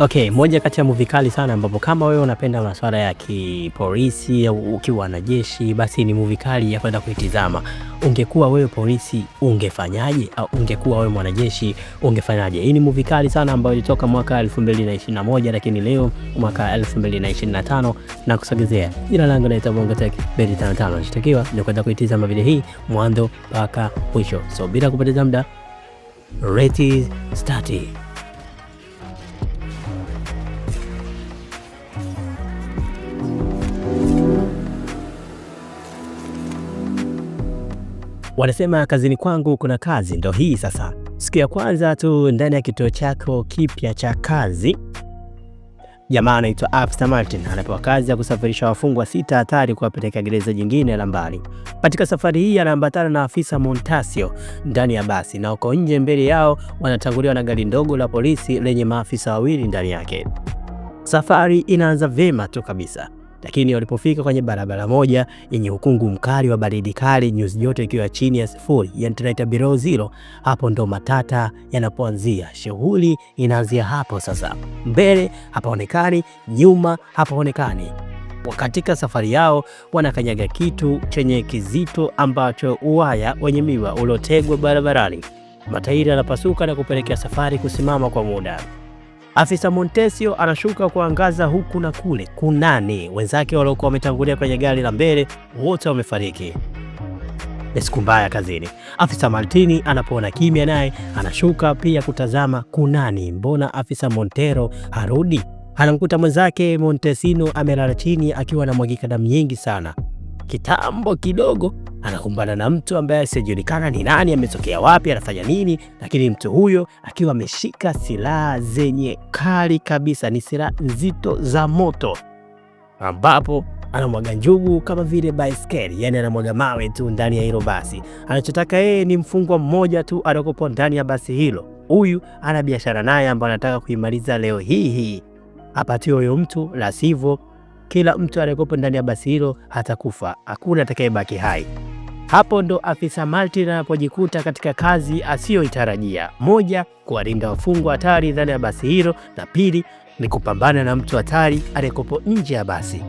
Okay, moja kati ya movie kali sana ambapo kama wewe unapenda masuala ya kipolisi au ukiwa na jeshi, basi ni movie kali ya kwenda kuitizama. Ungekuwa wewe polisi ungefanyaje? Au ungekuwa wewe mwanajeshi ungefanyaje? Hii ni movie kali sana ambayo ilitoka mwaka 2021 lakini leo mwaka 2025 na kusogezea. Jina langu naitwa Bongo Tech Beri 55. Nashtakiwa ni kwenda kuitizama video hii mwanzo mpaka mwisho, so bila kupoteza muda, ready, start. Wanasema kazini kwangu kuna kazi, ndo hii sasa. Siku ya kwanza tu ndani ya kituo chako kipya cha kazi, jamaa anaitwa Afsa Martin anapewa kazi ya kusafirisha wafungwa sita hatari kuwapeleka gereza jingine la mbali. Katika safari hii anaambatana na afisa Montasio ndani ya basi, na uko nje mbele yao wanatanguliwa na gari ndogo la polisi lenye maafisa wawili ndani yake. Safari inaanza vyema tu kabisa lakini walipofika kwenye barabara moja yenye ukungu mkali wa baridi kali, nyuzi joto ikiwa chini ya sifuri, yani tunaita below zero, hapo ndo matata yanapoanzia. Shughuli inaanzia hapo sasa. Mbele hapaonekani, nyuma hapaonekani. Katika safari yao wanakanyaga kitu chenye kizito ambacho uwaya wenye miwa uliotegwa barabarani. Matairi yanapasuka na kupelekea safari kusimama kwa muda. Afisa Montesio anashuka kuangaza huku na kule kunani Wenzake waliokuwa wametangulia kwenye gari la mbele wote wamefariki. Ni siku mbaya kazini. Afisa Martini anapoona kimya, naye anashuka pia kutazama kunani, mbona afisa Montero harudi? Anamkuta mwenzake Montesino amelala chini akiwa anamwagika damu nyingi sana kitambo kidogo, anakumbana na mtu ambaye asijulikana ni nani, ametokea wapi, anafanya nini, lakini mtu huyo akiwa ameshika silaha zenye kali kabisa, ni silaha nzito za moto, ambapo anamwaga njugu kama vile baiskeli, yani anamwaga mawe tu ndani ya hilo basi. Anachotaka yeye ni mfungwa mmoja tu atakopo ndani ya basi hilo. Huyu ana biashara naye ambayo anataka kuimaliza leo hii hii, apatiwe huyo mtu, la sivyo kila mtu aliyekuwepo ndani ya basi hilo atakufa, hakuna atakayebaki hai. Hapo ndo afisa Martin anapojikuta katika kazi asiyoitarajia: moja, kuwalinda wafungwa hatari ndani ya basi hilo, na pili ni kupambana na mtu hatari aliyekuwepo nje ya basi.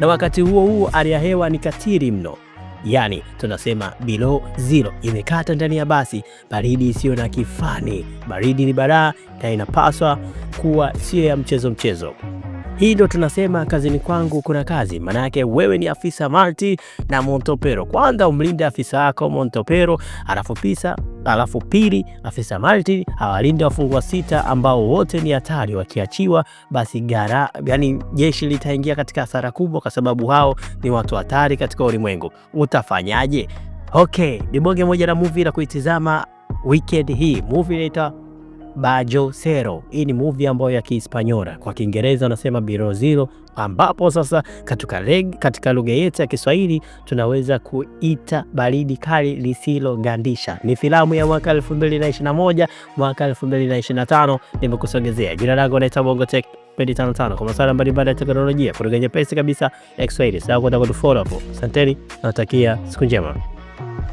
Na wakati huo huo hali ya hewa ni katili mno, yaani tunasema below zero imekata ndani ya basi, baridi isiyo na kifani. Baridi ni baraa na inapaswa kuwa sio ya mchezo mchezo. Hii ndo tunasema kazini kwangu kuna kazi. Manake wewe ni afisa Marti na Montopero, kwanza umlinde afisa wako Montopero, alafu pisa alafu pili, afisa Marti awalinde wafungwa sita ambao wote ni hatari. Wakiachiwa basi gara, yani jeshi litaingia katika hasara kubwa, kwa sababu hao ni watu hatari katika ulimwengu. Utafanyaje? Okay, ni bonge moja la movie la kuitizama weekend hii. Movie inaitwa Bajosero. Hii ni movie ambayo ya Kihispanyola, kwa Kiingereza wanasema Zero, ambapo sasa katika, katika lugha yetu ya Kiswahili tunaweza kuita baridi kali lisilogandisha. Ni filamu ya mwaka 2021 mwaka 2025, nimekusogezea. Jina langu naitwa Bongo Tech Pendi tano tano kwa masuala mbalimbali ya teknolojia kwa lugha nyepesi kabisa ya Kiswahili. Sasa kwenda kutufollow hapo. Asanteni, natakia siku njema.